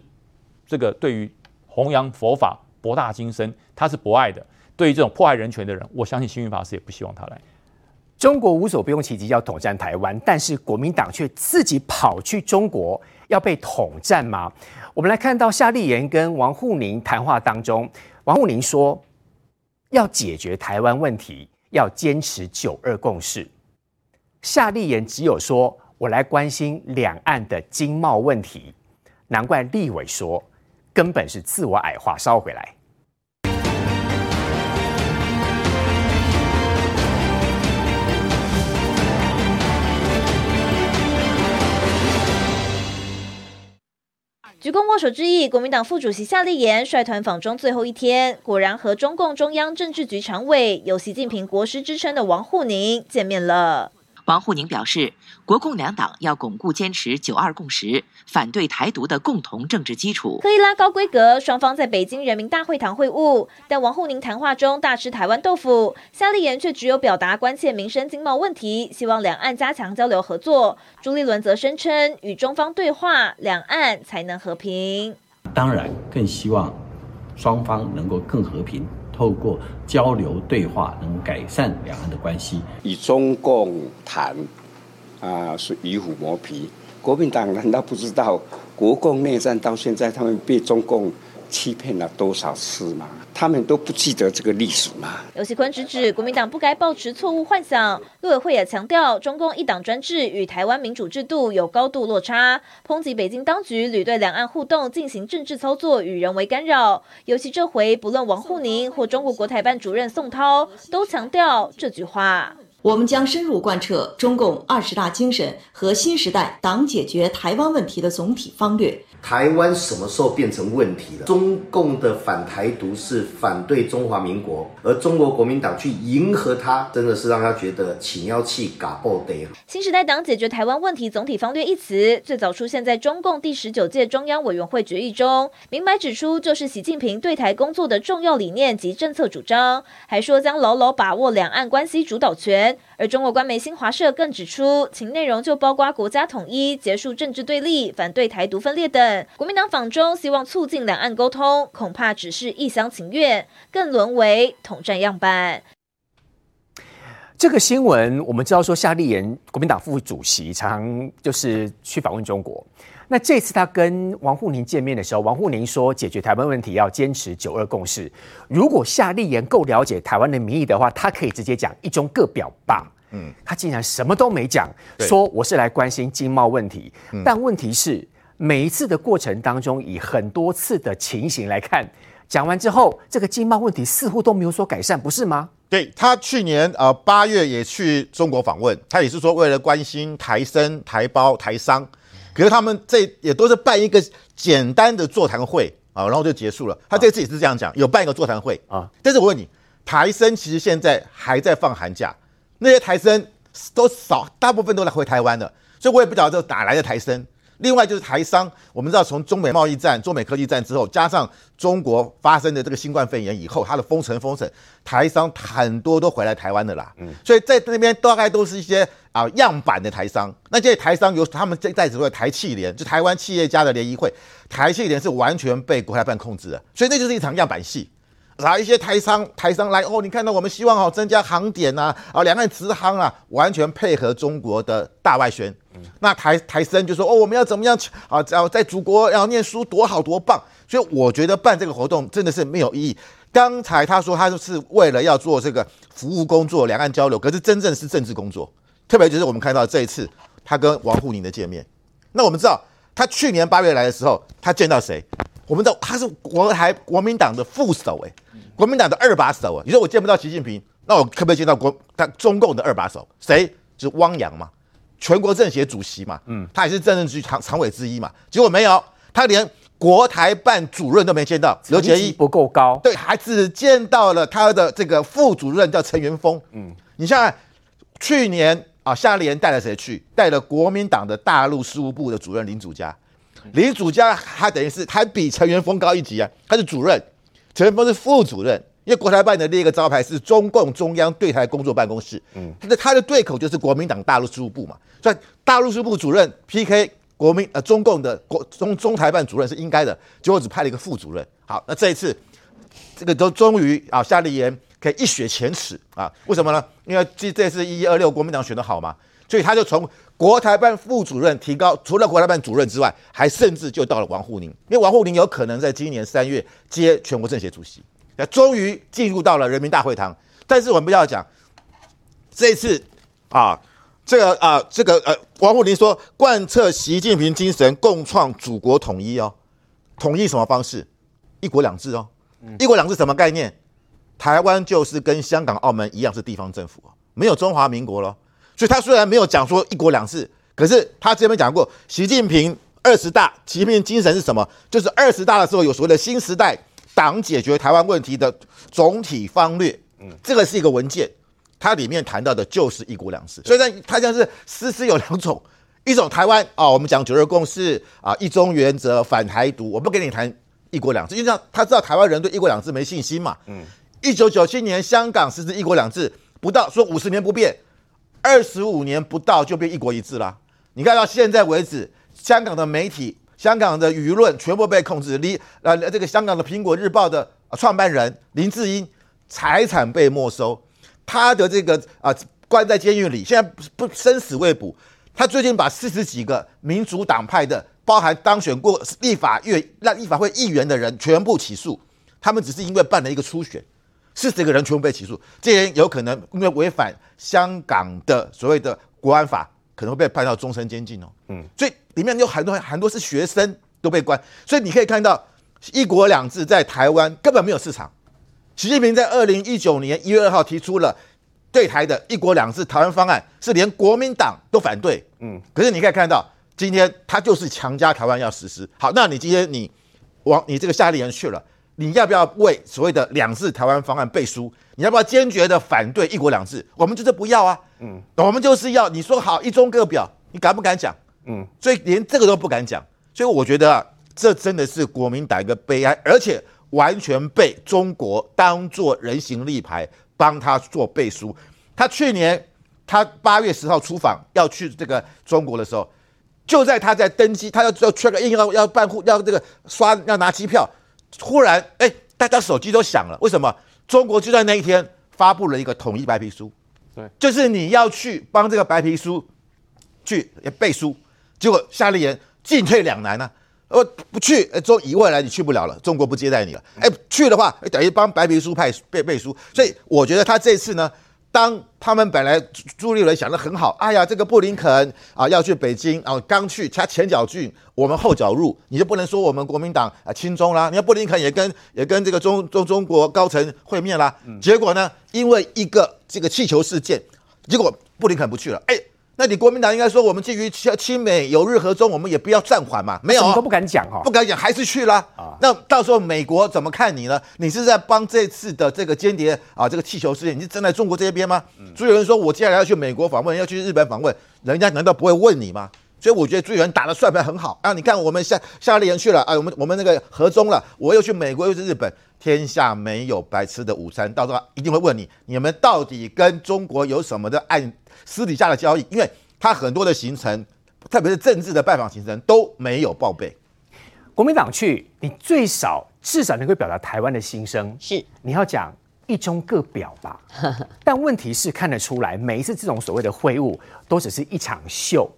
這個對於弘揚佛法博大精深，他是博愛的。對於這種迫害人權的人，我相信星雲法師也不希望他來。中國無所不用其極要統戰台灣，但是國民黨卻自己跑去中國要被統戰嗎？我們來看到夏立言跟王滬寧談話當中，王滬寧說，要解決台灣問題，要堅持九二共識。夏立言只有說，我來關心兩岸的經貿問題，難怪立委說根本是自我矮化燒回來。鞠躬握手致意，國民黨副主席夏立言率團訪中最後一天，果然和中共中央政治局常委、有習近平國師之稱的王滬寧見面了。王滬寧表示，國共兩黨要鞏固堅持“九二共識”，反對台獨的共同政治基礎。可以拉高規格，雙方在北京人民大會堂會晤，但王滬寧談話中大吃台灣豆腐，夏立言卻只有表達關切民生經貿問題，希望兩岸加強交流合作。朱立倫則聲稱，與中方對話，兩岸才能和平。當然，更希望雙方能夠更和平。透過交流對話，能改善兩岸的關係。與中共談，啊、呃，是與虎謀皮。國民黨難道不知道，國共內戰到現在，他們被中共欺騙了多少次嘛？他們都不記得這個歷史嘛？游錫堃直指國民黨不該抱持錯誤幻想，陸委會也強調，中共一黨專制與台灣民主制度有高度落差，抨擊北京當局屢對兩岸互動進行政治操作與人為干擾。尤其這回，不論王滬寧或中國國台辦主任宋濤，都強調這句話：我們將深入貫徹中共二十大精神和新時代黨解決台灣問題的總體方略。台灣什麼時候變成問題了？中共的反台獨是反對中華民國，而中國國民黨去迎合他，真的是讓他覺得請要氣嘎爆的。新時代黨解決台灣問題總體方略一詞最早出現在中共第十九屆中央委員會決議中，明白指出就是習近平對台工作的重要理念及政策主張，還說將牢牢把握兩岸關係主導權。而中國官媒新華社更指出，其內容就包括國家統一、結束政治對立、反對台獨分裂等。國民黨訪中希望促進兩岸溝通，恐怕只是一廂情願，更淪為統戰樣板。這個新聞我們知道說，夏立言國民黨副主席常常就是去訪問中國。那這次他跟王滬寧見面的時候，王滬寧說解決台灣問題要堅持九二共識。如果夏立言夠了解台灣的民意的話，他可以直接講一中各表吧。嗯，他竟然什麼都沒講，說我是來關心經貿問題。嗯，但問題是每一次的過程當中，以很多次的情形來看，講完之後這個經貿問題似乎都沒有所改善，不是嗎？對，他去年呃八月也去中國訪問，他也是說為了關心台生、台胞、台商。比如他們這也都是辦一個簡單的座談會啊，然後就結束了。他這次也是這樣講，有辦一個座談會啊。但是我問你，台生其實現在還在放寒假，那些台生都少，大部分都來回台灣了，所以我也不曉得這哪來的台生。另外就是台商，我們知道從中美貿易戰、中美科技戰之後，加上中國發生的這個新冠肺炎以後，它的封城、封城，台商很多都回來台灣的啦、嗯。所以在那邊大概都是一些啊、呃、樣板的台商。那這些台商有他們這代指的台企聯，就台灣企業家的聯誼會，台企聯是完全被國台辦控制的，所以那就是一場樣板戲。然、啊、後一些台商，台商來哦，你看到我們希望哦增加航點吶、啊，啊兩岸直航啊，完全配合中國的大外宣。那台台生就說：“哦，我們要怎麼樣？啊，只要在祖國，要念書，多好多棒。”所以我覺得辦這個活動真的是沒有意義。剛才他說他就是為了要做這個服務工作，兩岸交流。可是真正是政治工作，特別就是我們看到這一次他跟王滬寧的見面。那我們知道他去年八月來的時候，他見到誰？我們知道他是國台國民黨的副手誒、欸，國民黨的二把手誒、欸。你說我見不到習近平，那我可不可以見到國他中共的二把手？誰？就是汪洋嘛。全國政協主席嘛，嗯，他也是政治局常常委之一嘛，結果沒有，他連國台辦主任都沒見到，層級不夠高，對，還只見到了他的這個副主任叫陳元峰，嗯，你像去年啊，夏立言帶了誰去？帶了國民黨的大陸事務部的主任林祖嘉、嗯。林祖嘉他等於是他比陳元峰高一級啊，他是主任，陳元峰是副主任。因為國台辦的另一個招牌是中共中央對台工作辦公室，嗯，那它的對口就是國民黨大陸事務部嘛，所以大陸事務部主任 PK 國民呃中共的國中中台辦主任是應該的，結果只派了一個副主任。好，那這一次這個都終於啊夏立言，可以一雪前恥啊？為什麼呢？因為這這次一一二六國民黨選得好嘛，所以他就從國台辦副主任提高，除了國台辦主任之外，還甚至就到了王滬寧，因為王滬寧有可能在今年三月接全國政協主席。終於進入到了人民大會堂，但是我們不要講這一次啊，這個啊，這個呃，王滬寧說貫徹習近平精神，共創祖國統一哦，統一什麼方式？一國兩制哦，嗯、一國兩制什麼概念？台灣就是跟香港、澳門一樣是地方政府哦，沒有中華民國咯。所以他雖然沒有講說一國兩制，可是他這邊講過習近平二十大，習近平精神是什麼？就是二十大的時候有所謂的新時代。黨解決台灣問題的總體方略，嗯，這個是一個文件，它裡面談到的就是一國兩制，所以呢，他像是實施有兩種，一種台灣啊、哦，我們講九二共識啊，一中原則反台獨，我不跟你談一國兩制，因為他知道台灣人對一國兩制沒信心嘛，嗯，一九九七年香港實施一國兩制不到，說五十年不變，二十五年不到就變一國一制啦，你看到現在為止，香港的媒體。香港的輿論全部被控制，林啊，這個香港的《蘋果日報》的、啊、創辦人黎智英財產被沒收，他的這個啊關在監獄裡，現在不不生死未卜。他最近把四十幾個民主黨派的，包含當選過立法院、讓立法會議員的人，全部起訴。他們只是因為辦了一個初選，四十個人全部被起訴，這些人有可能因為違反香港的所謂的國安法，可能會被判到終身監禁哦。嗯，所以。裡面有很多很多是學生都被關，所以你可以看到一國兩制在台灣根本沒有市場。習近平在二零一九年一月二號提出了對台的一國兩制台灣方案，是連國民黨都反對。嗯，可是你可以看到今天他就是強加台灣要實施。好，那你今天你往你這個夏立言去了，你要不要為所謂的兩制台灣方案背書？你要不要堅決的反對一國兩制？我們就是不要啊，嗯，我們就是要你說好一中各表，你敢不敢講？嗯，所以連這個都不敢講，所以我覺得啊，這真的是國民黨一個悲哀，而且完全被中國當作人形立牌幫他做背書。他去年他八月十號出訪要去這個中國的時候，就在他在登機，他要要缺個印要要辦戶要這個刷要拿機票，忽然哎，大家手機都響了，為什麼？中國就在那一天發布了一個統一白皮書，對，就是你要去幫這個白皮書去背書。結果夏立言進退兩難吶、啊，我不去，中以外來你去不了了，中國不接待你了，哎、欸，去的話，等於幫白皮書派背背書，所以我覺得他這次呢，當他們本來朱立倫想的很好，哎呀，這個布林肯啊要去北京啊，剛去，他前腳進，我們後腳入，你就不能說我們國民黨啊親中啦，你看布林肯也跟也跟這個中中中國高層會面啦、嗯，結果呢，因為一個這個氣球事件，結果布林肯不去了，哎、欸。那你國民黨應該說，我們基於親親美、友日、和中，我們也不要暫緩嘛？沒有、啊，我都不敢講不敢講，還是去啦、啊。那到時候美國怎麼看你呢？你是在幫這次的這個間諜啊？這個氣球事件，你是站在中國這邊嗎？所以有人說，我接下來要去美國訪問，要去日本訪問，人家難道不會問你嗎？所以我覺得朱立倫打的算盤很好啊！你看，我們夏夏立言去了啊，我們我們那個合中了，我又去美國，又去日本，天下沒有白吃的午餐。到時候一定會問你，你們到底跟中國有什麼的暗私底下的交易？因為他很多的行程，特別是政治的拜訪行程都沒有報備。國民黨去，你最少至少能夠表達台灣的心聲。是，你要講一中各表吧。 <laughs> 但問題是看得出來，每一次這種所謂的會晤，都只是一場秀。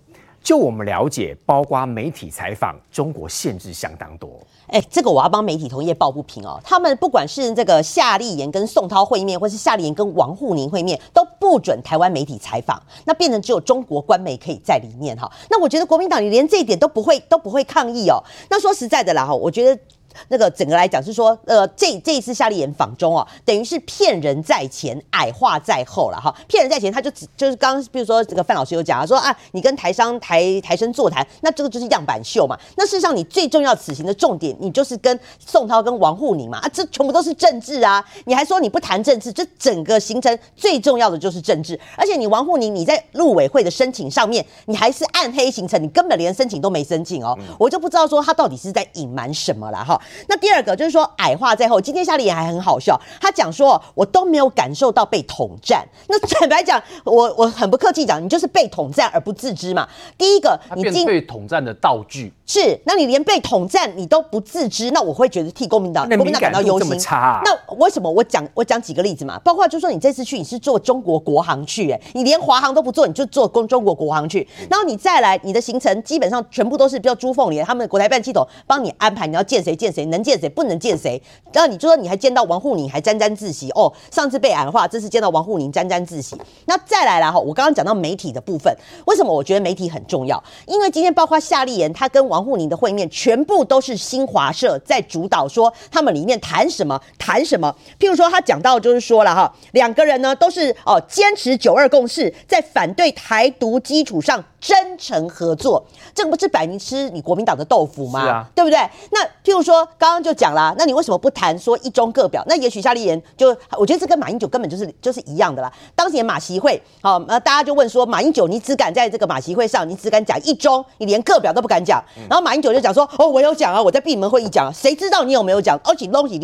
就我們了解，包括媒體採訪，中國限制相當多。哎、欸，這個我要幫媒體同業抱不平哦。他們不管是這個夏立言跟宋濤會面，或是夏立言跟王滬寧會面，都不准台灣媒體採訪，那變成只有中國官媒可以在裡面哈、哦。那我覺得國民黨你連這一點都不會，都不會抗議哦。那說實在的啦，哈，我覺得。那個整個來講是說，呃，這這一次夏立言訪中哦，等於是騙人在前，矮化在後了哈。騙人在前，他就只就是剛剛，比如說這個范老師有講啊，說啊，你跟台商台台生座談，那這個就是樣板秀嘛。那事實上你最重要此行的重點，你就是跟宋濤跟王滬寧嘛啊，這全部都是政治啊。你還說你不談政治，這整個行程最重要的就是政治。而且你王滬寧，你在陸委會的申請上面，你還是暗黑行程，你根本連申請都沒申請哦。我就不知道說他到底是在隱瞞什麼了哈。那第二個就是說，矮化在後，今天夏立言還很好笑，他講說，我都沒有感受到被統戰。那坦白講，我我很不客氣講，你就是被統戰而不自知嘛。第一個，你他變被統戰的道具是，那你連被統戰你都不自知，那我會覺得替國民黨國民黨感到憂心。那為什麼我講我講幾個例子嘛？包括就是說你這次去你是坐中國國航去，欸，你連華航都不坐，你就坐中中國國航去，然後你再來你的行程基本上全部都是比如朱鳳蓮他們的國台辦系統幫你安排，你要見誰見誰。誰能見誰,能見誰不能見誰？然後你就說你還見到王滬寧還沾沾自喜哦，上次被矮化，這次見到王滬寧沾沾自喜。那再來了哈，我剛剛講到媒體的部分，為什麼我覺得媒體很重要？因為今天包括夏立言他跟王滬寧的會面，全部都是新華社在主導，說他們裡面談什麼談什麼。譬如說他講到就是說了哈，兩個人呢都是哦堅持九二共識，在反對台獨基礎上真誠合作，這個不是擺明吃你國民黨的豆腐嗎？啊、對不對？那譬如說。剛、哦、剛就講啦、啊，那你為什麼不談說一中各表？那也許夏立言就，我覺得這跟馬英九根本就是就是一樣的啦。當時馬習會，好、哦，那大家就問說馬英九，你只敢在這個馬習會上，你只敢講一中，你連各表都不敢講、嗯。然後馬英九就講說，哦，我有講啊，我在閉門會議講、啊，誰知道你有沒有講？O.K. Longi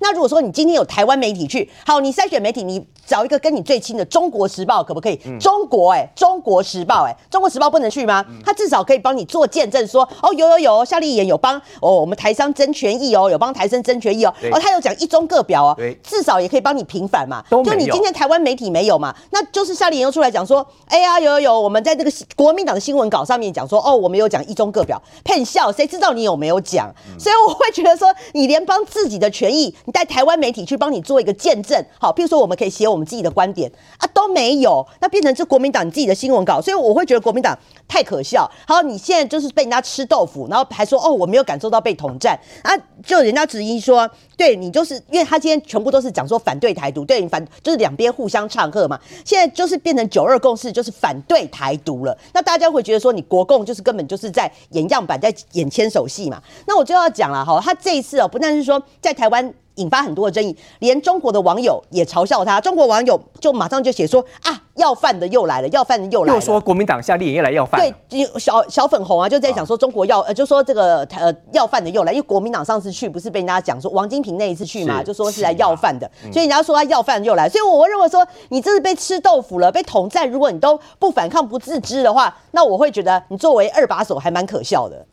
那如果說你今天有台灣媒體去，好，你篩選媒體，你找一個跟你最親的《中國時報》可不可以？嗯、中國，哎，《中國時報》哎，《中國時報》不能去嗎？他、嗯、至少可以幫你做見證，說，哦，有有有，夏立言有幫哦，我們台商。爭權益哦，有幫台生爭權益哦，哦，他有講一中各表哦，至少也可以幫你平反嘛。都沒有。就你今天台灣媒體沒有嘛？那就是夏立言又出來講說，哎、欸、呀、啊，有有有，我們在這個國民黨的新聞稿上面講說，哦，我們有講一中各表，騙笑，誰知道你有沒有講？所以我會覺得說，你連幫自己的權益，你帶台灣媒體去幫你做一個見證，好，譬如說我們可以寫我們自己的觀點啊，都沒有，那變成是國民黨自己的新聞稿，所以我會覺得國民黨太可笑。好，你現在就是被人家吃豆腐，然後還說，哦，我沒有感受到被統戰。啊，就人家質疑說，對你就是因為他今天全部都是講說反對台獨，對你反就是兩邊互相唱和嘛。現在就是變成九二共識就是反對台獨了，那大家會覺得說你國共就是根本就是在演樣板，在演牽手戲嘛。那我就要講了哈，他這一次哦、喔，不但是說在台灣。引發很多的爭議，連中國的網友也嘲笑他。中國網友就馬上就寫說啊，要飯的又來了，要飯的又來了，又說國民黨夏立言又來要飯。對，小小粉紅啊，就在講說中國要，啊呃、就說這個呃要飯的又來，因為國民黨上次去不是被人家講說王金平那一次去嘛，就說是來要飯的，啊嗯，所以人家說他要飯又來。所以我會認為說你這是被吃豆腐了，被統戰，如果你都不反抗不自知的話，那我會覺得你作為二把手還蠻可笑的。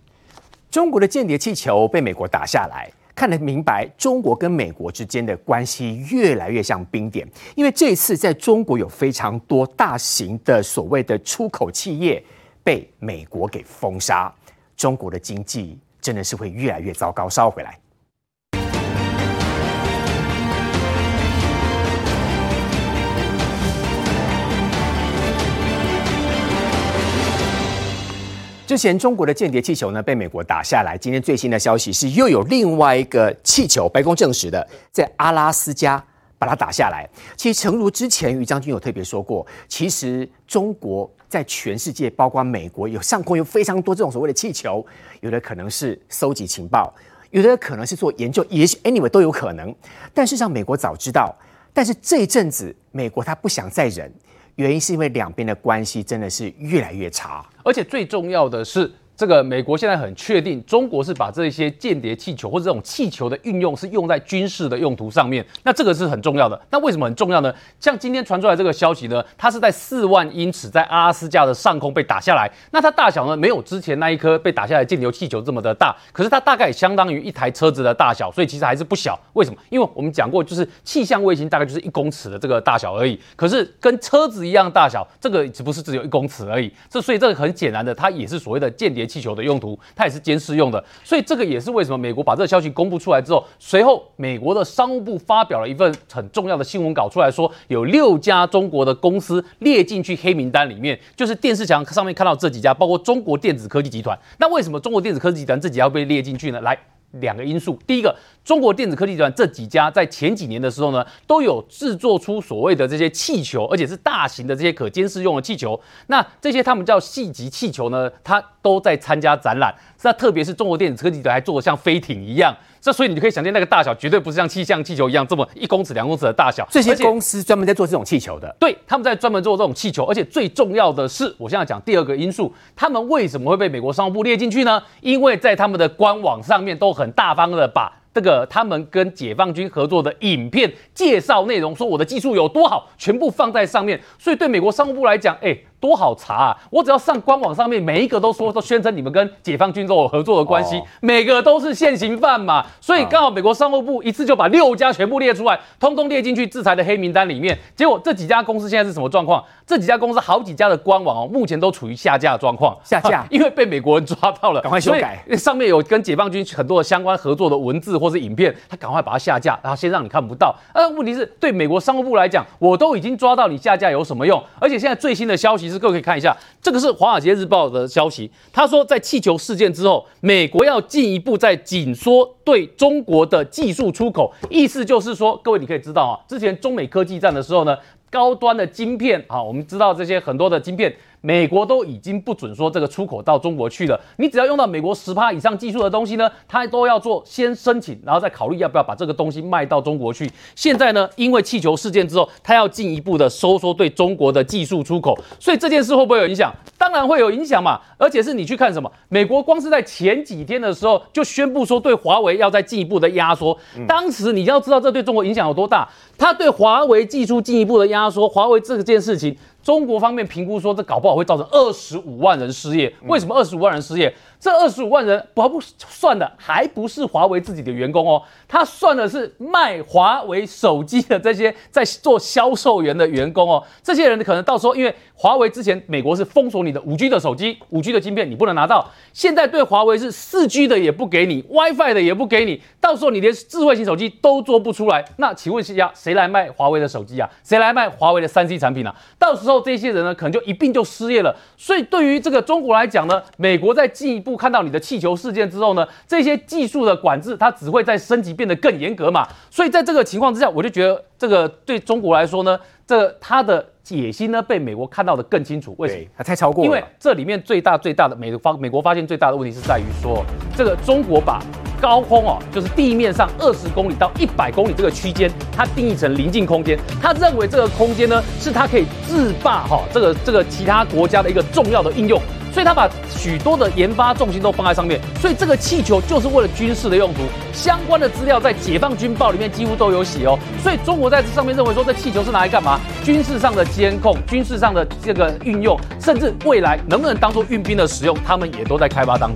中國的間諜氣球被美國打下來。看得明白，中國跟美國之間的關係越來越像冰點，因為這一次在中國有非常多大型的所謂的出口企業被美國給封殺，中國的經濟真的是會越來越糟糕，燒回來。之前中國的間諜氣球呢，被美國打下來。今天最新的消息是，又有另外一個氣球，白宮證實的，在阿拉斯加把它打下來。其實，誠如之前於將軍有特別說過，其實中國在全世界，包括美國，有上空有非常多這種所謂的氣球，有的可能是蒐集情報，有的可能是做研究，也許 anyway 都有可能。但事實上，美國早知道，但是這一陣子，美國他不想再忍。原因是因為兩邊的關係真的是越來越差，而且最重要的是。這個美國現在很確定，中國是把這些間諜氣球或者這種氣球的運用是用在軍事的用途上面。那這個是很重要的。那為什麼很重要呢？像今天傳出來這個消息呢，它是在四萬英尺在阿拉斯加的上空被打下來。那它大小呢，沒有之前那一顆被打下來間諜氣球這麼的大，可是它大概相當於一台車子的大小，所以其實還是不小。為什麼？因為我們講過，就是氣象衛星大概就是一公尺的這個大小而已。可是跟車子一樣大小，這個只不是只有一公尺而已。這所以這個很顯然的，它也是所謂的間諜。氣球的用途，它也是監視用的，所以這個也是為什麼美國把這個消息公布出來之後，隨後美國的商務部發表了一份很重要的新聞稿出來說，有六家中國的公司列進去黑名單裡面，就是電視牆上面看到這幾家，包括中國電子科技集團。那為什麼中國電子科技集團這幾家要被列進去呢？來。兩個因素，第一個，中國電子科技集團這幾家在前幾年的時候呢，都有製作出所謂的這些氣球，而且是大型的這些可監視用的氣球。那這些他們叫細級氣球呢，它都在參加展覽。那特別是中國電子科技的還做的像飛艇一樣。這所以你就可以想象那個大小絕對不是像氣象氣球一樣這麼一公尺、兩公尺的大小。這些公司專門在做這種氣球的，對，他們在專門做這種氣球。而且最重要的是，我現在講第二個因素，他們為什麼會被美國商務部列進去呢？因為在他們的官網上面都很大方的把這個他們跟解放軍合作的影片介紹內容，說我的技術有多好，全部放在上面。所以對美國商務部來講，哎。多好查啊！我只要上官網上面，每一個都說都宣稱你們跟解放軍都有合作的關係，每個都是現行犯嘛。所以剛好美國商務部一次就把六家全部列出來，通通列進去制裁的黑名單裡面。結果這幾家公司現在是什麼狀況？這幾家公司好幾家的官網哦，目前都處於下架狀況，下架，因為被美國人抓到了，趕快修改。上面有跟解放軍很多的相關合作的文字或是影片，他趕快把它下架，然後先讓你看不到。但問題是對美國商務部來講，我都已經抓到你，下架有什麼用？而且現在最新的消息。其實各位可以看一下，這個是《華爾街日報》的消息。他說，在氣球事件之後，美國要進一步再緊縮對中國的技術出口，意思就是說，各位你可以知道啊，之前中美科技戰的時候呢，高端的晶片啊，我們知道這些很多的晶片。美國都已經不准說這個出口到中國去了。你只要用到美國十趴以上技術的東西呢，它都要做先申請，然後再考慮要不要把這個東西賣到中國去。現在呢，因為氣球事件之後，它要進一步的收縮對中國的技術出口，所以這件事會不會有影響？當然會有影響嘛！而且是你去看什麼，美國光是在前幾天的時候就宣布說對華為要再進一步的壓縮。當時你要知道這對中國影響有多大？它對華為技術進一步的壓縮，華為這件事情。中國方面評估說，這搞不好會造成二十五萬人失業。為什麼二十五萬人失業？這二十五萬人不還不算的，還不是華為自己的員工哦，他算的是賣華為手機的這些在做銷售員的員工哦。這些人可能到時候因為。華為之前，美國是封鎖你的五 G 的手機，五 G 的芯片你不能拿到。現在對華為是四 G 的也不給你，WiFi 的也不給你。到時候你連智慧型手機都做不出來，那請問一下，誰來賣華為的手機啊？誰來賣華為的三 C 產品啊？到時候這些人呢，可能就一併就失業了。所以對於這個中國來講呢，美國在進一步看到你的氣球事件之後呢，這些技術的管制它只會在升級變得更嚴格嘛。所以在這個情況之下，我就覺得這個對中國來說呢，這個它的。野心呢，被美國看到的更清楚。為什麼？它太超過了。因為這裡面最大最大的美方美國發現最大的問題是在於說，這個中國把高空哦、啊,就是地面上二十公里到一百公里這個區間，它定義成臨近空間。他認為這個空間呢，是他可以制霸哈，這個這個其他國家的一個重要的應用，所以他把許多的研發重心都放在上面。所以這個氣球就是為了軍事的用途，相關的資料在解放軍報裡面幾乎都有寫哦。所以中國在這上面認為說，這氣球是拿來幹嘛？軍事上的監控，軍事上的這個運用，甚至未來能不能當做運兵的使用，他們也都在開發當中。